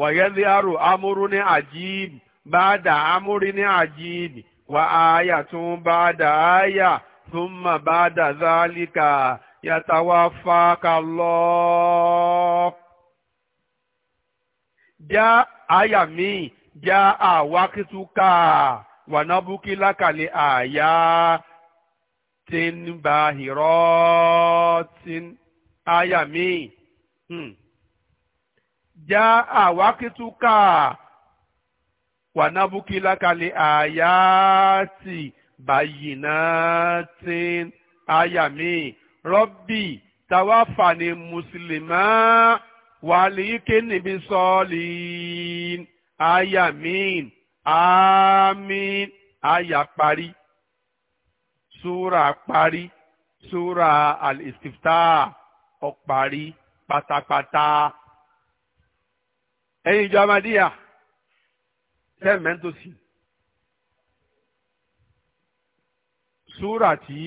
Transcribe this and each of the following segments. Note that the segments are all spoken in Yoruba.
Waye liaro amuru ni Aji-Ibu ajib ada amuri ni aji wa aya tun ba aya tun ma ba-ada za li ya ta wa fa aya miin, bia awa kitu ka wanobuki la-akali aya tinubu ahiro, aya miin. Hmm. já àwákítúkà wànábùkílákalẹ̀ àyàtì bàyìnàtì àyàmì rọ́bì tàwáfàní mùsùlùmá wàlíkè níbi sọ́ọ̀lì àyàmì àmì àyà parí sura parí sura al-istiftah ó parí pátápátá. ẹ̀yin ìjọ amadíyà sẹ́ẹ̀mẹ́ntòsí súrà tí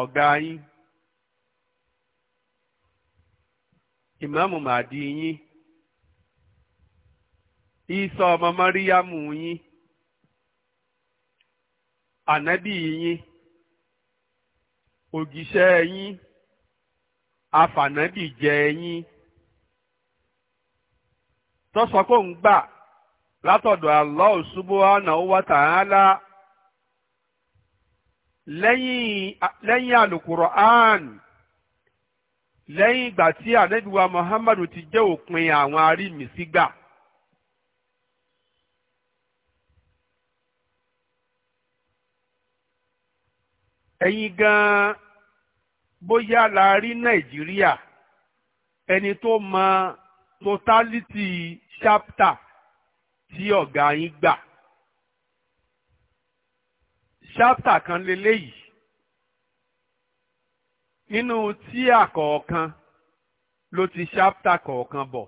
ọ̀gá yín màdí yín ìsọ ọmọ yín ànábì yín yín afànábì jẹ́ tó sọ pé òun gbà látọ̀dọ̀ Allah subhanahu wa ta'ala lẹ́yìn lẹ́yìn alukur'an lẹ́yìn ìgbà tí ànábìwá muhammadu ti jẹ́ òpin àwọn arímìsígbà. ẹ̀yin gan-an bóyá la rí nàìjíríà ẹni tó mọ totality chapter tí ọ̀gá yín gbà ṣáptà kan leléyìí nínú tíà kọ̀ọ̀kan ló ti ṣáptà kọ̀ọ̀kan bọ̀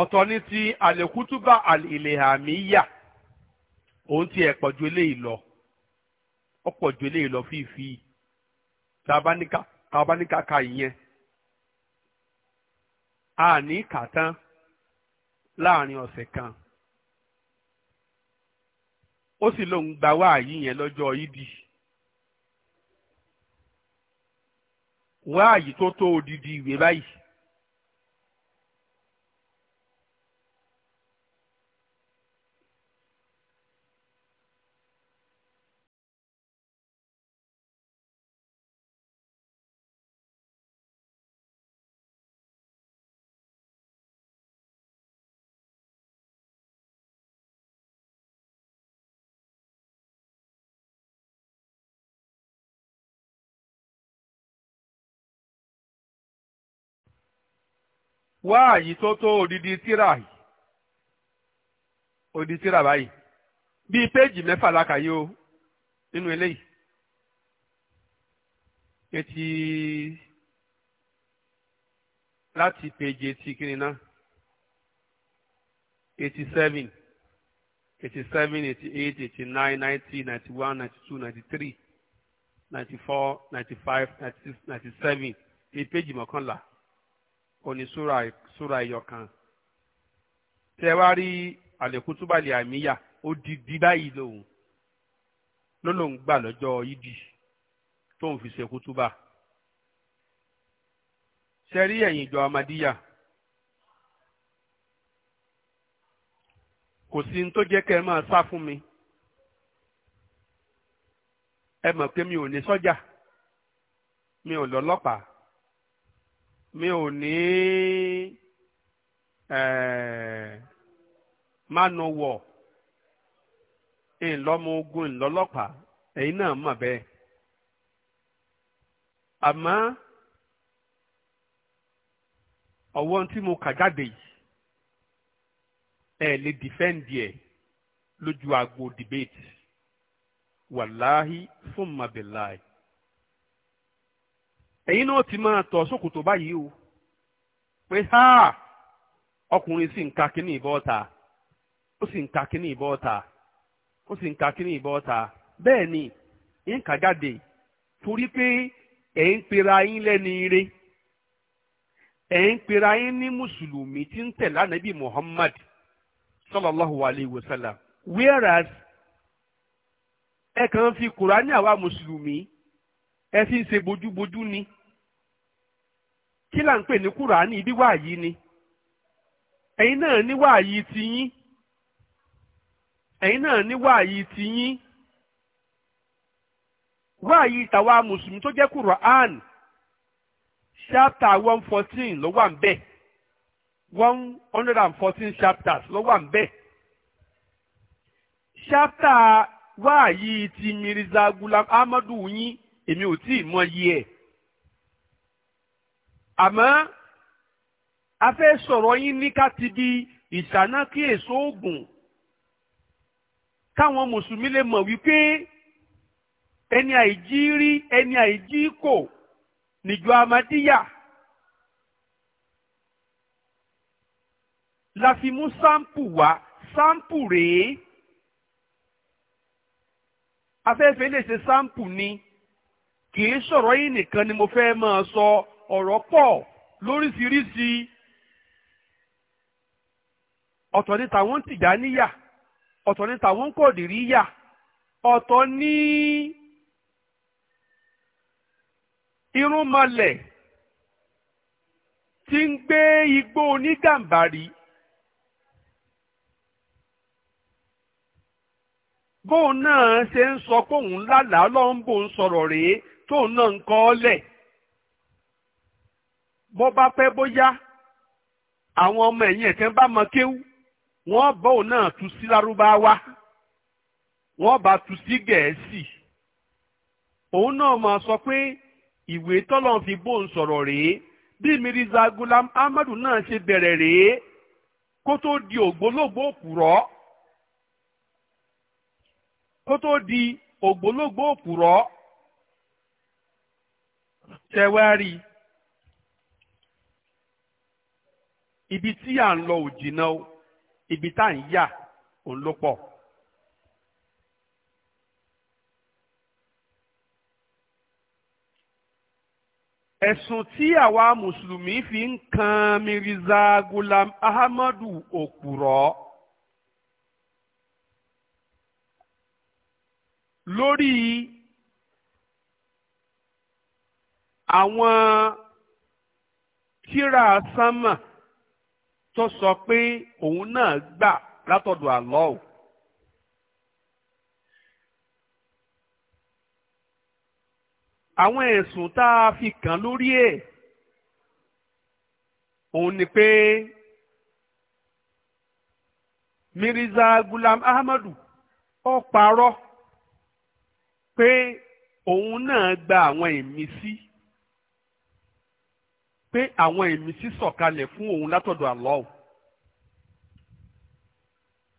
ọ̀tọ̀ ní ti àlékútúbà àlèhàmíyà òun ti ẹ̀ pọ̀jù eléyìí lọ ó eléyìí lọ fífi tàbáníkà tàbáníkà ka ìyẹn àní kàtán láàrin ọ̀sẹ̀ kan ó sì lóun gba wáàyí yẹn lọ́jọ́ ìdí wáàyí tó tó odidi ìwé báyìí wáàyí tó tó odidi tíra yìí odidi tíra báyìí bíi péèjì mẹ́fà la kà yìí o nínú eléyìí etí láti péèjì etí kiri náà eighty seven eighty seven eighty eight eighty nine ninety ninety one ninety two ninety three ninety four ninety five ninety six ninety seven bíi péèjì mọ́kànlá. Oni súra súra ẹyọkan tẹ wá rí àlẹkùtùbàlẹ àmìyà ó di di báyìí lòun ló lòun gbà lọ́jọ́ yídì tóun fi ṣe kútùbà ṣe rí ẹ̀yìn ìjọ amadíyà kò sí ní tó jẹ́ kẹ́ ẹ máa sá fún mi ẹ mọ̀ pé mi ò ní sọ́jà mi ò lọ́lọ́pàá. mi ò ní eh, mánu wọ̀ ńlọ́mọ ogun ńlọ́lọ́pàá ẹ̀yin náà mọ̀ bẹ́ẹ̀ àmọ́ ọ̀wọ́ tí mo kà jáde yìí ẹ̀ lè dìfẹ́ǹdì ẹ̀ lójú agbo debate wàláhí fún ẹ̀yin náà ti máa tọ̀ sókòtò báyìí o pé ha ọkùnrin sì ń ka kíní ìbọn ta ó sì ń ka kíní ìbọn ó sì ń ka kíní ìbọn bẹ́ẹ̀ ni ń kà jáde torí pé ẹ̀ ń pera yín ire ẹ̀ ń pera yín ní mùsùlùmí tí ń tẹ̀lé ànábì Muhammad sallallahu alayhi wa sallam whereas ẹ kàn fi kùránì àwa mùsùlùmí ẹ fi ń ṣe bójúbójú ni. kí là ń pè ní kúránì bí wàyí ni ẹ̀yin náà ní wàyí tiyín ẹ̀yin náà ní wàyí tiyín wàyí tàwa mùsùlùmí tó jẹ́ kúránì chapter one fourteen ló wà ń bẹ̀ one hundred and fourteen chapters ló wà ń bẹ̀ chapter wàyí ti Mirza Gulam Amadu yín èmi ò tí ì mọ yí ẹ̀ àmọ́ a fẹ́ sọ̀rọ̀ yín ní ká ti di ìsànákì èso oògùn káwọn mùsùlùmí lè mọ̀ wípé ẹni àìjí rí ẹni àìjí kò níjọ amadíyà la fi mú sáǹpù wá sáǹpù rèé afẹ́fẹ́ lè ṣe sáǹpù ni kì í sọ̀rọ̀ yìí nìkan ni mo fẹ́ máa sọ. So ọ̀rọ̀ pọ̀ lóríṣiríṣi ọ̀tọ̀ ni tàwọn tìjàníyà ọ̀tọ̀ ni tàwọn yà ọ̀tọ̀ ni irúnmalẹ̀ tí ń gbé igbó onígàmbàrí. bóun náà ṣe ń sọ pé òun lálàá lọ́nbó ń sọ̀rọ̀ rèé tóun náà ń kọ́ lẹ̀. bó bá pẹ́ bóyá àwọn ọmọ ẹ̀yìn ẹ̀kẹ́ bá mọ kéwú wọ́n bọ́ òun náà tu sí lárúbáwá wọ́n bá tu sí gẹ̀ẹ́sì òun náà máa sọ pé ìwé tọ́lọ́n fi bóun sọ̀rọ̀ rèé bí Mirza Gulam Ahmadu náà ṣe bẹ̀rẹ̀ rèé kó tó di ògbólógbò òpùrọ́ kó tó di ògbólógbò òpùrọ́ ṣẹwárí ibi tí à ń lọ ò jìnnà o ibi tá à ń yà òun ló pọ̀. ẹ̀sùn tí àwa mùsùlùmí fi ń kan Mirza Gulam Ahmadu òpùrọ̀ lórí àwọn tírà sánmà tó sọ pé òun náà gbà látọ̀dọ̀ Allah àwọn ẹ̀sùn tá a fi kàn lórí ẹ̀ òun ni pé Mirza Gulam Ahmadu ó parọ́ pé òun náà gba àwọn ìmísí. Si pé àwọn ìmísí sọ̀kalẹ̀ fún òun látọ̀dọ̀ Allah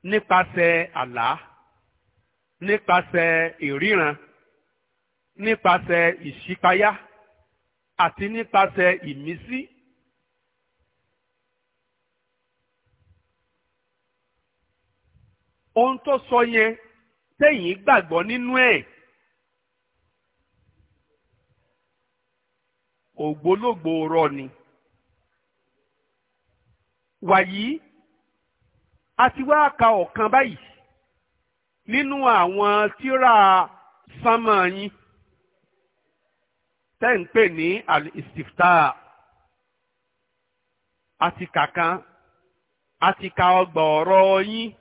nípasẹ̀ àlá nípasẹ̀ ìríran nípasẹ̀ ìṣípayá àti nípasẹ̀ ìmísí. ohun tó sọ yẹn tẹ̀yìn gbàgbọ́ nínú ẹ̀. E ògbólógbò rọ ni wàyí a ti wá ka ọ̀kan báyìí nínú àwọn tírà sánmà yín tẹ́ ń pè ní al-istifta àti kàkan àti ọgbà ọ̀rọ̀ yín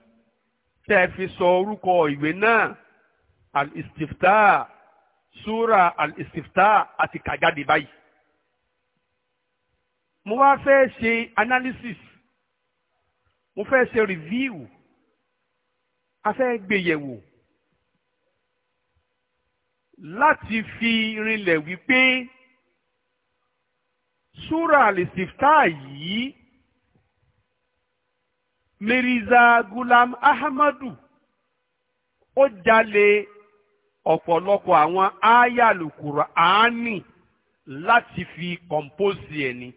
tẹ́ fi sọ orúkọ ìwé náà al súra al-istifta àti báyìí mo wá fẹ́ ṣe analysis mo fẹ́ ṣe review a fẹ́ gbéyẹ̀wò láti fi rinlẹ̀ wípé súra àlèsìftà yìí Mirza Gulam Ahmadu ó jalè ọ̀pọ̀lọpọ̀ àwọn áyàlùkùrọ̀ àání láti fi kọ̀mpóòsì ẹ̀ ni.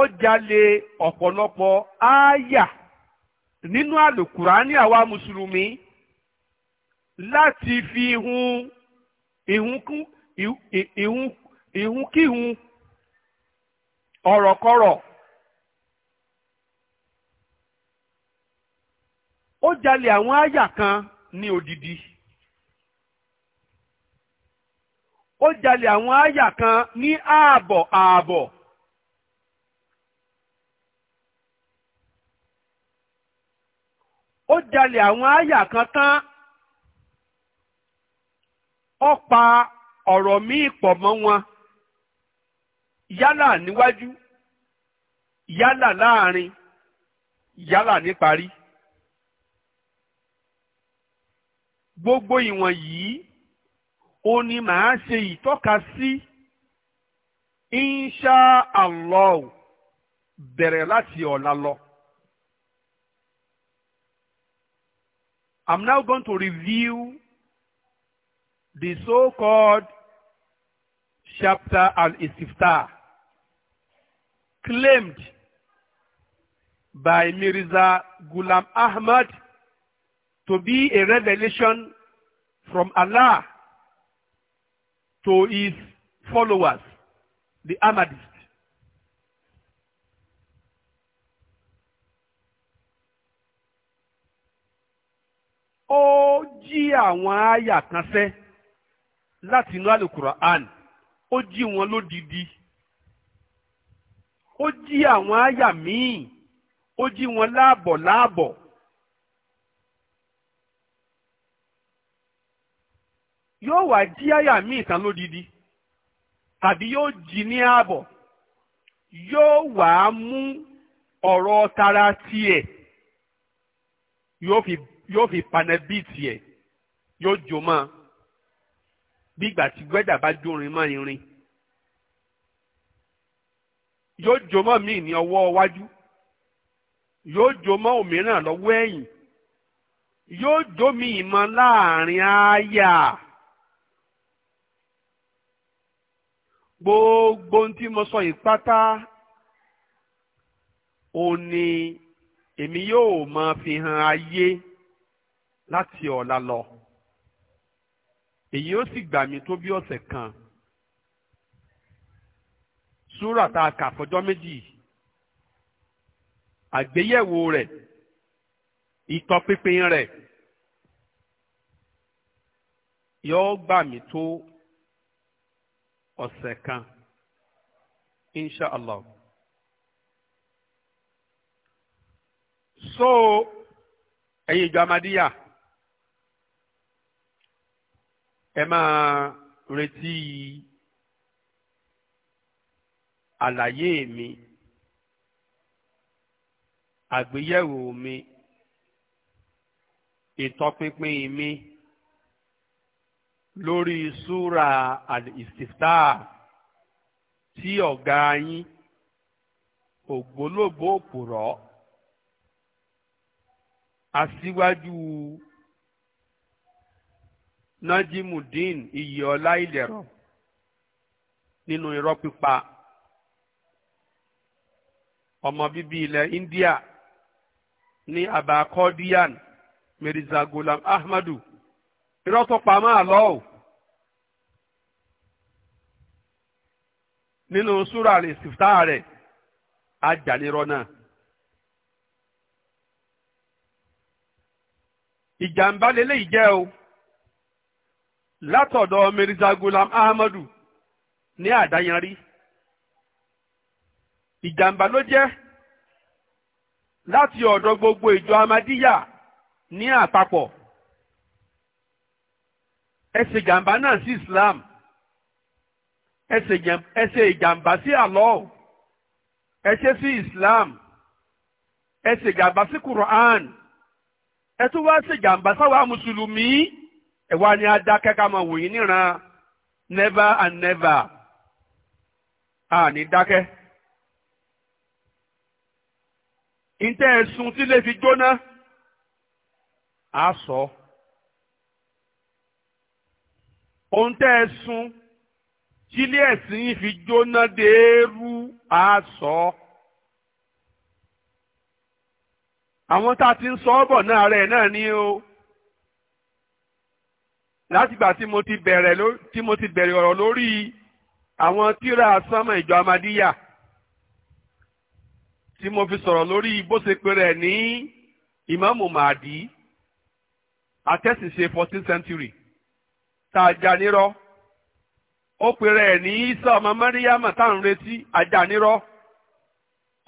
ó jalè ọ̀pọ̀lọpọ̀ aya nínú ní àwa mùsùlùmí láti fi hun ìhunkíhun ọ̀rọ̀kọ̀rọ̀. ó jalè àwọn aya kan ní odidi. ó jalè àwọn ááyà kan ní ààbọ̀ ààbọ̀. ó jalè àwọn àyà kan tán ó pa ọ̀rọ̀ míì pọ̀ mọ́ wọn yálà níwájú yálà láàrin yálà níparí gbogbo ìwọ̀n yìí ó ní màá ṣe ìtọ́ka sí insha Allah bẹ̀rẹ̀ láti ọ̀la lọ. I'm now going to review the so-called chapter al-istiftah claimed by Mirza Ghulam Ahmad to be a revelation from Allah to his followers, the Ahmadis. ó jí àwọn àyà kan sẹ́ láti inú alukur'an ó jí wọn lódìdí ó jí àwọn àyà míì ó jí wọn láàbọ̀ láàbọ̀. yóò wá jí àyà míì tán lódìdí tàbí yóò jí ní ààbọ̀ yóò wá mú ọ̀rọ̀ tara tiẹ̀ yóò fi yóò fi panẹ́ bíìtì ẹ̀ yóò jó mọ́ bí ìgbà tí wẹ́dà bá jórin mọ́ irin yóò jó mọ́ míì ní ọwọ́ iwájú yóò jó mọ́ òmíràn lọ́wọ́ ẹ̀yìn yóò jó míì mọ́ láàrin àyà. gbogbo tí mo sọ yìí pátá òun èmi yóò máa fi hàn ayé. láti ọ̀la lọ èyí ó sì gbà mí tó bí ọ̀sẹ̀ kan súrà tá a kà fọjọ́ méjì àgbéyẹ̀wò rẹ̀ ìtọpinpin rẹ̀ yóò gbà mí tó ọ̀sẹ̀ kan insha allah. so ẹ̀yin ìjọ amadiya ẹ máa retí àlàyé mi àgbéyẹ̀wò mi ìtọpinpin mi lórí súra àdìsífà tí ọ̀gá yín ògbólógbòó òpùrọ́ aṣíwájú. najimudeen iyìọlá Ilero, nínú irọ́ pípa ọmọ bíbí ilẹ̀ India ní abakodiyan mirza gulam ahmadu irọ́ tó pa máa lọ́wọ́. nínú súra rẹ̀ sìftá rẹ̀ ajalérọ́ náà. ìjàmbá lélẹ́yìí jẹ́ o. látọ̀dọ̀ Mirza Gulam Ahmadu ní àdáyanrí ìjàmbá ló jẹ́ láti ọ̀dọ̀ gbogbo ìjọ Amadíyà ní àpapọ̀ Ẹsẹ̀ ṣe ìjàmbá náà sí Islam ẹsẹ̀ ṣe ìjàmbá sí Allah ẹ ṣe sí Islam ẹsẹ̀ ṣe ìjàmbá sí Quran ẹ wá ṣe ìjàmbá sáwà mùsùlùmí. ẹ wá ní adákẹ́ ká máa wò níran never and never a ní dákẹ́. ìtẹ́ ẹ̀sùn tí lè fi jóná á sọ. ohun tẹ́ ẹ sùn tí ilé ẹ̀sìn yìí fi jóná déérú á sọ. àwọn tá a ti ń sọ ọ́ bọ̀ náà rẹ̀ náà ni o látìgbà tí mo ti bẹ̀rẹ̀ tí mo ti bẹ̀rẹ̀ ọ̀rọ̀ lórí àwọn tíra sánmọ̀ ìjọ amadíyà tí mo fi sọ̀rọ̀ lórí bó ṣe pé rẹ̀ ní ìmáàmù màdí àtẹ̀síṣe fourteen century tá a já nírọ́ ó pè rẹ̀ ní isa ọmọ mẹ́ríyàmà tá à ń retí ajá nírọ́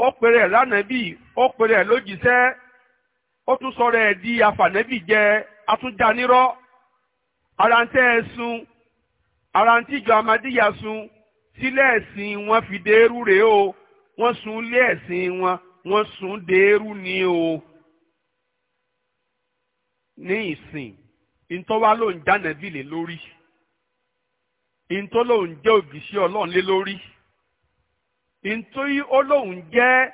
ó pè rẹ̀ lánàbí ó pè rẹ̀ lójíṣẹ́ ó tún sọ rẹ̀ di àfànẹ́bí jẹ́ atúnjá nírọ́ ara ń tẹ́ ẹ sun ara ń tíjọ amadíyà sun sílẹ̀ ẹ̀sìn wọn fi dẹ́rù rèé o wọ́n sun ilé ẹ̀sìn wọn wọ́n sun dẹ́rù ni o ní ìsìn ìtọ́wá ló ń já nàbí lé lórí ìtọ́ ló ń jẹ́ ògìṣẹ́ ọlọ́run lé lórí ìtọ́ olóhùn jẹ́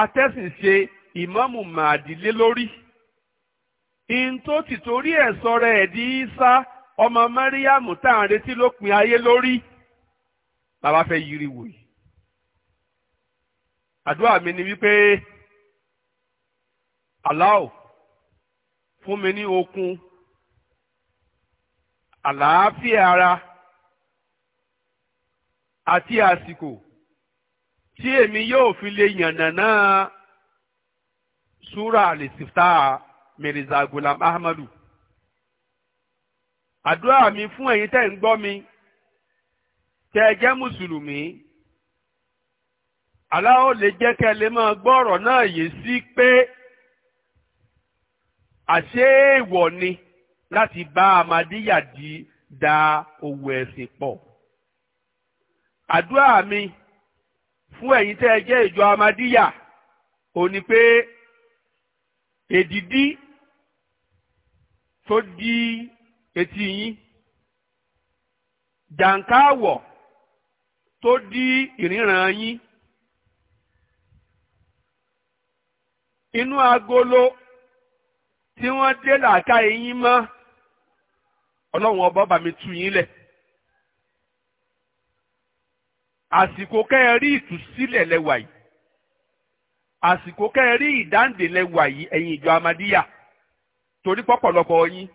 atẹ́sìnṣe ìmáàmù màdí lórí ìtọ́ tìtorí ẹ̀ sọ̀rọ̀ ẹ̀ di Ìsá ọmọ mẹ́ríàmù tá à ń retí lópin ayé lórí bàbá fẹ́ yiri wò yìí. àdúrà mi ni wípé aláò fún mi ní okun àlàáfíà ara àti àsìkò tí èmi yóò fi lè yànnàná súra àlèsìftà Mirza Gulam Ahmadu àdúrà mi fún ẹ̀yin tẹ́ ń gbọ́ mi tẹ́ ẹ jẹ́ mùsùlùmí aláwo lè jẹ́ kẹ́ lè máa gbọ́ náà yé sí pé àṣé èèwọ̀ ni láti bá amadíyà di da òwò ẹ̀sìn pọ̀ àdúrà mi fún ẹ̀yin tẹ́ ẹ jẹ́ ìjọ amadíyà ò ní pé èdìdí tó di etí yín jàǹká àwọ̀ tó dí ìríran yín inú agolo tí wọ́n dé làákà yín mọ́ ọlọ́run ọba bá mi tú yín lẹ̀ àsìkò kẹ́ẹ̀rí ìtúsílẹ̀ lẹ́wà yìí àsìkò kẹ́ẹ̀rí ìdáǹdè lẹ́wà yìí ẹ̀yin ìjọ amadíyà torí pọ̀pọ̀lọpọ̀ yín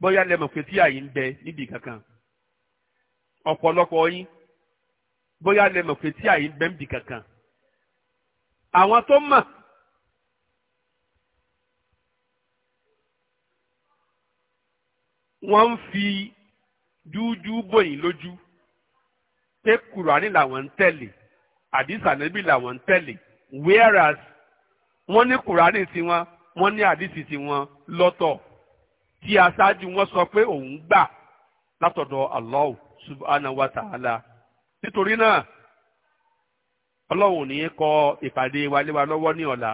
bóyá lẹ́mọ̀ pé tí àyè ń bẹ níbi kankan ọ̀pọ̀lọpọ̀ yín bóyá lẹ́mọ̀ pé tí àyè ń bẹ níbi kankan àwọn tó mọ̀ wọ́n ń fi dúdú bòyìn lójú pé kùránì làwọn ń tẹ̀lé àdìsá níbí làwọn ń tẹ̀lé whereas wọ́n ní kùránì tiwọn wọ́n ní àdìsí tiwọn lọ́tọ̀. tí aṣáájú wọn sọ pé òun gbà látọ̀dọ̀ Allah subhanahu wa ta'ala nítorí náà ọlọ́run ní kọ ìpàdé wa lé wa lọ́wọ́ ní ọ̀la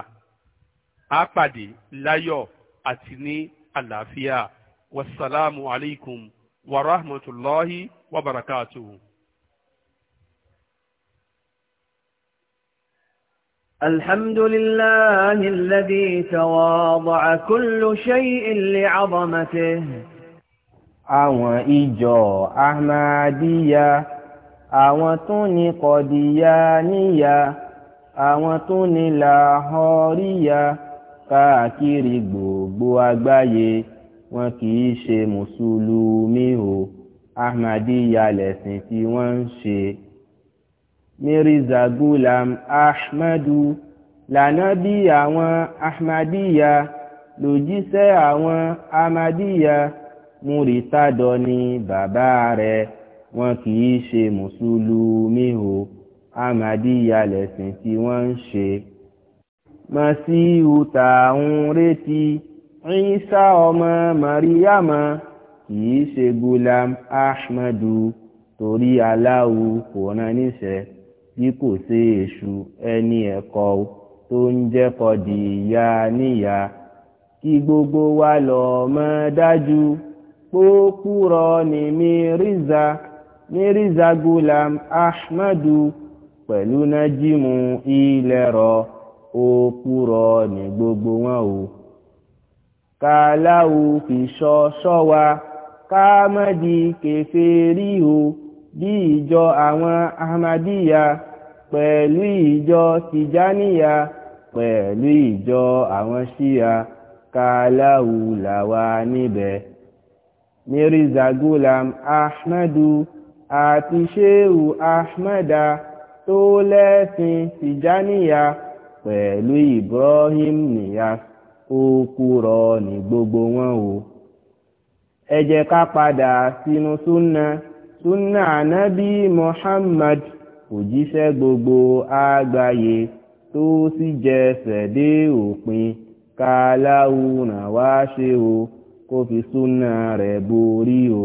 á pàdé láyọ̀ àti ní àlàáfíà wasalaamu alaykum wa rahmatulahi wa barakatuhu. الحمد لله الذي تواضع كل شيء لعظمته àwọn ìjọ ahmadiyya àwọn tó ní kọdíyà níyà àwọn tó ní làhọríyà káàkiri gbogbo àgbáyé wọn kì í ṣe mùsùlùmí o ahmadiyya lẹ̀sìn tí wọ́n ń ṣe mirza gulam ahmadu lànábì àwọn ahmadiyya lòjíṣẹ́ àwọn ahmadiyya múritádọ ni bàbá rẹ̀ wọn kì í ṣe mùsùlùmí o ahmadiyya lẹ̀sìn tí wọ́n ń ṣe. masihu tá à ń retí Ìsá ọmọ mariama kì í ṣe gulam ahmadu torí Allahu kò rán níṣẹ́ bí kò ṣe èṣù ẹni ẹ̀kọ́ tó ń jẹ́ kọ́dì ìyá níyà kí gbogbo wa lọ mọ̀ dájú pókúrọ ni mírízà mírízà gulam ahmadu pẹ̀lú nájímù ilẹ̀rọ òkúrọ ni gbogbo wọn o kàláwù fi ṣọ́ ṣọ́ wa ká má di kèfèrí o bí ìjọ àwọn ahmadiyya pẹ̀lú ìjọ tijaniya pẹ̀lú ìjọ àwọn shia kàláwù làwa níbẹ̀ mirza gulam ahmadu àti sheu ahmada tó lẹ́sìn tijaniya pẹ̀lú ibrahim niyas ó kúrọ ní gbogbo wọn o ẹ jẹ́ ká padà sínú súnà súnà ànábì Muhammad òjíṣẹ́ gbogbo àgbáyé tó sì jẹsẹ̀ dé òpin káláwù náà wá ṣe o kó fi súnà rẹ̀ borí o.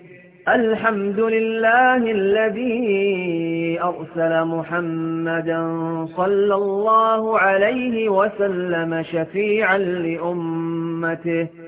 الحمد لله الذي أرسل محمدا صلى الله عليه وسلم شفيعا لأمته